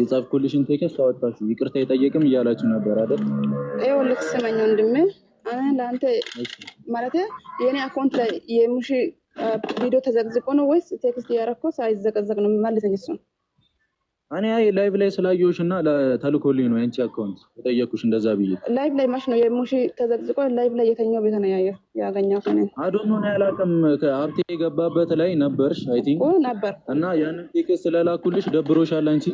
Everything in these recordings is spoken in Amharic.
የጻፍኩልሽን ቴክስት አወጣችሁ ይቅርታ የጠየቅም እያላችሁ ነበር አይደል? ልክ ስመኝ ወንድሜ ለአንተ ማለት የእኔ አካውንት ላይ የሙሽ ቪዲዮ ተዘግዝቆ ነው ወይስ ቴክስት እያደረኩ ሳይዘቀዘቅ ነው? መልሰኝ እሱን እኔ ላይቭ ላይ ስላየሁሽ እና ተልኮልኝ ነው ያንቺ አካውንት የጠየኩሽ እንደዛ ብዬ ላይቭ ላይ ማሽ ነው የሙሽ ተዘቅዝቆ ላይቭ ላይ የተኛው ቤት ነው ያየ ያገኘሁት። አዶኖ ያላቅም ከሀብቴ የገባበት ላይ ነበርሽ አይ ቲንክ ነበር እና ያንን ቴክስት ስለላኩልሽ ደብሮሻል አንቺ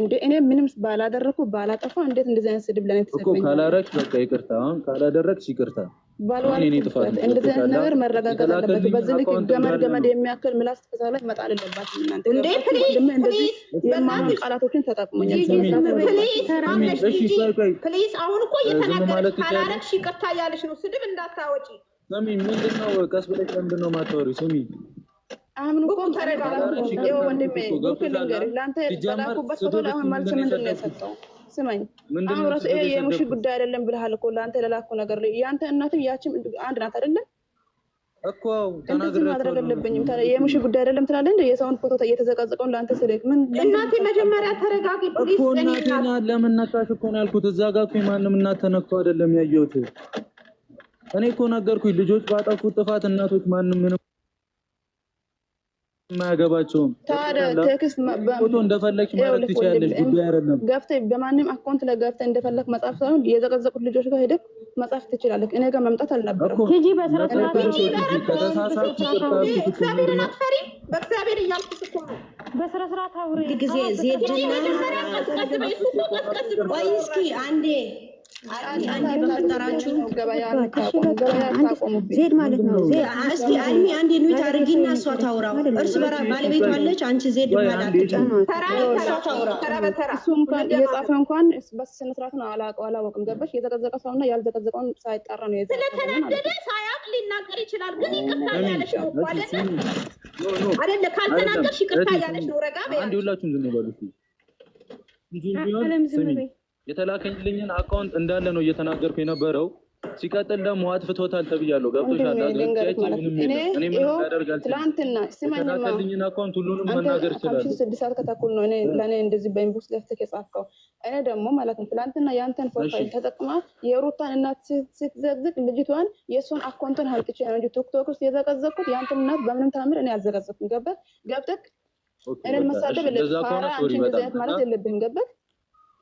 እንደ እኔ ምንም ባላደረኩ ባላጠፋ እንዴት እንደዚህ አይነት ስድብ ለእኔ ተሰበኝ እኮ ካላረክ በቃ ይቅርታ፣ አሁን ካላደረግሽ ይቅርታ ባልዋልኩበት እንደዚህ አይነት ነገር መረጋጋት አለበት። በዚህ ልክ ገመድ ገመድ የሚያክል ምላስ ላይ መጣል የለባትም። እናንተ እንዴ ፕሊዝ ፕሊዝ፣ የማኑ ቃላቶችን ተጠቅሞኛል። ፕሊዝ አሁን እኮ እየተናገረች ካላረግሽ ይቅርታ እያለች ነው። ስድብ እንዳታወጪ። ስሚ፣ ምንድን ነው ቀስ ብለሽ ለምንድን ነው የማታወሪው? ስሚ አሁን እኮ ተረዳ ወንድሜ፣ ልንገርህ ለአንተ የተላኩበት ፎቶ ላይ አሁን መልስ ምንድን ነው የሰጠው? ስመኝ አሁን ራሱ ይሄ የሙሽ ጉዳይ አይደለም ብልሃል እኮ ለአንተ ለላኩ ነገር ላይ ያንተ እናትም ያችም አንድ ናት አይደለም እኮ እንደዚህ ማድረግ አለብኝም የሙሽ ጉዳይ አይደለም ትላለህ እንደ የሰውን ፎቶ እየተዘቀዘቀውን ለአንተ ስልክ ምን እናቴ መጀመሪያ ተረጋጊ ፕሊዝ እኮ እናቴና ለምን ነካሽ እኮ ነው ያልኩት እዛ ጋ እኮ ማንም እናት ተነክቶ አይደለም ያየሁት እኔ እኮ ነገርኩኝ ልጆች ባጠፉት ጥፋት እናቶች ማንም ምንም የማያገባቸውም እንደፈለግሽ ማለት ትችያለሽ። ጉዳይ አይደለም። ገብተህ በማንም አካውንት ላይ ገብተህ እንደፈለግ መጻፍ ሳይሆን የዘቀዘቁት ልጆች ጋር ሄደህ መጻፍ ትችላለህ። እኔ ጋር መምጣት አልነበረም። ዜድ ማለት ነው። እስኪ አልሚ አንድ ኑት አድርጊና እሷ ታውራ። እርስ በራ ባለቤቷ አለች። አንቺ ዜድ እሱ እንኳን እየጻፈ እንኳን በስነ ነው። አላውቀው አላወቅም። ገባሽ? የዘቀዘቀ ሰውና ያልዘቀዘቀውን ሳይጣራ ነው። ስለተናደደ ሳያውቅ ሊናገር ይችላል። ግን ይቅርታ ያለች ነው አይደለ? ካልተናገርሽ ይቅርታ ያለች ነው። ረጋ በይ። አንድ ሁላችሁም ዝም በሉ። የተላከኝልኝን አካውንት እንዳለ ነው እየተናገርኩ የነበረው። ሲቀጥል ደግሞ አጥፍቶታል ተብያለሁ። ገብቶሻል። ትናንትና አካውንት ሁሉንም መናገር ይችላል። ስድስት ሰዓት ከተኩል ነው ለእኔ እንደዚህ በኢንቦክስ ገፍተህ የጻፍከው። እኔ ደግሞ ማለት ነው ትላንትና የአንተን ፕሮፋይል ተጠቅማ የሩታን እናት ስትዘግዝቅ ልጅቷን የእሱን አካውንትን አምጥቼ ነው እንጂ ቲክቶክ ውስጥ የዘቀዘቅኩት የአንተን እናት በምንም ተአምር እኔ አልዘቀዘቅኩም። ገበት ገብተህ እኔን መሳደብ ማለት የለብህም። ገበት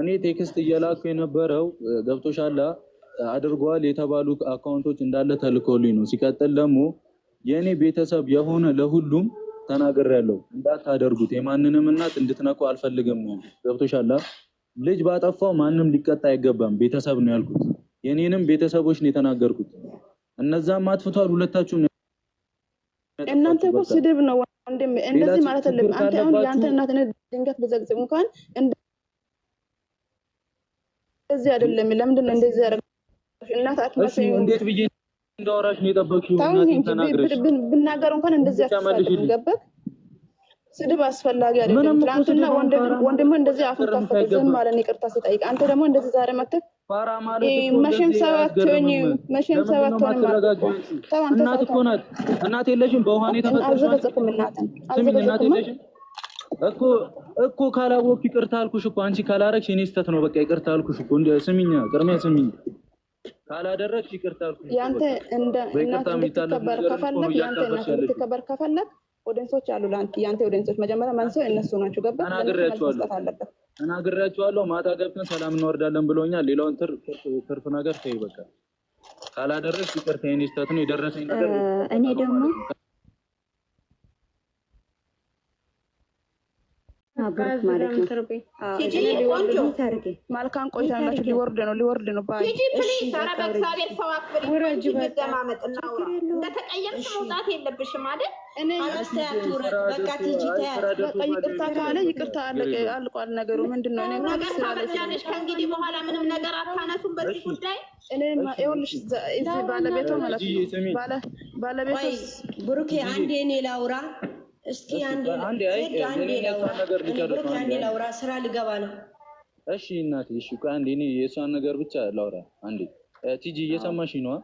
እኔ ቴክስት እየላኩ የነበረው ገብቶሻላ አድርጓል የተባሉ አካውንቶች እንዳለ ተልኮልኝ ነው። ሲቀጥል ደግሞ የእኔ ቤተሰብ የሆነ ለሁሉም ተናገር ያለው እንዳታደርጉት የማንንም እናት እንድትነኩ አልፈልግም ገብቶሻላ ልጅ ባጠፋው ማንም ሊቀጣ አይገባም። ቤተሰብ ነው ያልኩት፣ የኔንም ቤተሰቦች ነው የተናገርኩት። እነዛም አጥፍቷል፣ ሁለታችሁም እናንተ እኮ ስድብ ነው ወንድም፣ እንደዚህ ማለት አለብን። አንተ አሁን የአንተ እናት ድንገት በዘግጽ እንኳን እዚህ አይደለም። ለምንድን ነው እንደዚህ ያደረገ? እንዴት ብዬ እንዳወራሽ ነው የጠበቅሽው? ብናገር እንኳን እንደዚህ አትሳደብም። ገባህ? ስድብ አስፈላጊ አይደለም። ትናንትና ወንድምህ እንደዚህ አፉን ከፈተ፣ ዝም ማለት ይቅርታ ስጠይቅ፣ አንተ ደግሞ እንደዚህ ዛሬ መጥተህ መቼም ሰባት ሆኝ መቼም ሰባት እናት እኮ ናት። እናት የለሽም። በውሃ ነው የተፈጠርሽ። እናት የለሽም እኮ እኮ ካላወኩ ይቅርታ አልኩሽ እኮ አንቺ ካላረግሽ እኔ ስተት ነው። በቃ ይቅርታ አልኩሽ እኮ እንደ ቅድሚያ ስሚኝ። ካላደረግሽ ይቅርታ አልኩሽ። ያንተ እንደ እናት እንድትከበር ከፈለክ ያንተ እናት እንድትከበር ከፈለክ ኦዲየንሶች አሉ ያንተ ኦዲየንሶች መጀመሪያ መንስኤው እነሱ ናቸው። ገባ? ተናግሬያቸዋለሁ ተናግሬያቸዋለሁ። ማታ ገብተን ሰላም እናወርዳለን ብሎኛል። ሌላውን ትርፍ ነገር ተይ በቃ ካላደረግሽ ይቅርታ የእኔ ስተት ነው። የደረሰኝ እኔ ደግሞ ማብሩክ ማለት ነው። መልካም ቆይታ ናቸው። ሊወርድ ነው ሊወርድ ነው። እንደተቀየምሽ መውጣት የለብሽም አይደል? ይቅርታ አልቋል ነገሩ። ምንድን ነው ከእንግዲህ በኋላ ምንም ነገር አታነሱም በዚህ ጉዳይ። ይኸውልሽ ባለቤቷ ማለት ነው ባለቤቷ ብሩኬ አንዴ እኔ ላውራ እስኪ አንዴ ላውራ፣ ስራ ልገባ ነው። እሺ እናቴ፣ እሺ ቆይ አንዴ እኔ የእሷን ነገር ብቻ ላውራ አንዴ። ቲጂ እየሰማሽ ነዋ?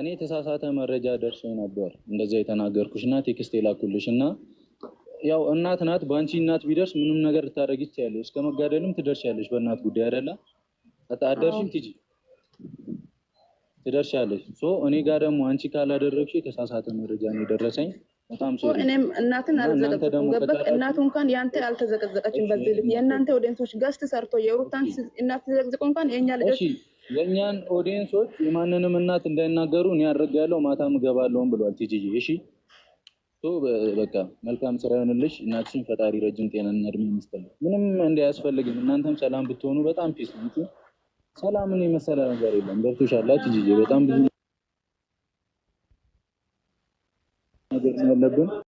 እኔ የተሳሳተ መረጃ ደርሶ ነበር እንደዛ የተናገርኩሽ እና ቴክስት የላኩልሽ እና ያው እናት ናት። በአንቺ እናት ቢደርስ ምንም ነገር ልታደርጊ ትችያለሽ፣ እስከ መጋደልም ትደርሻለሽ። በእናት ጉዳይ አይደለ አደርሽም፣ ቲጂ ትደርሻለሽ። ሶ እኔ ጋር ደግሞ አንቺ ካላደረግሽ የተሳሳተ መረጃ ነው የደረሰኝ። እኔም እናትን አልዘቀዘቁም። ገባክ? እናቱ እንኳን ያንተ አልተዘቀዘቀችም። በዚህ ልክ የእናንተ ኦዲየንሶች ገስት ሰርቶ የሩታን እናት ተዘቅዘቁ እንኳን የኛ ልጆች የእኛን ኦዲየንሶች የማንንም እናት እንዳይናገሩ እኔ አድርጌያለሁ፣ ማታም እገባለሁም ብሏል ቲጂዬ። እሺ በቃ መልካም ስራ ይሆንልሽ። እናትሽን ፈጣሪ ረጅም ጤናና እድሜ ይስጥልኝ። ምንም እንዳያስፈልግም እናንተም ሰላም ብትሆኑ በጣም ፒስ ነው። ሰላምን የመሰለ ነገር የለም። ገብቶሻል ቲጂዬ? በጣም ብዙ መጠቀም ያለብን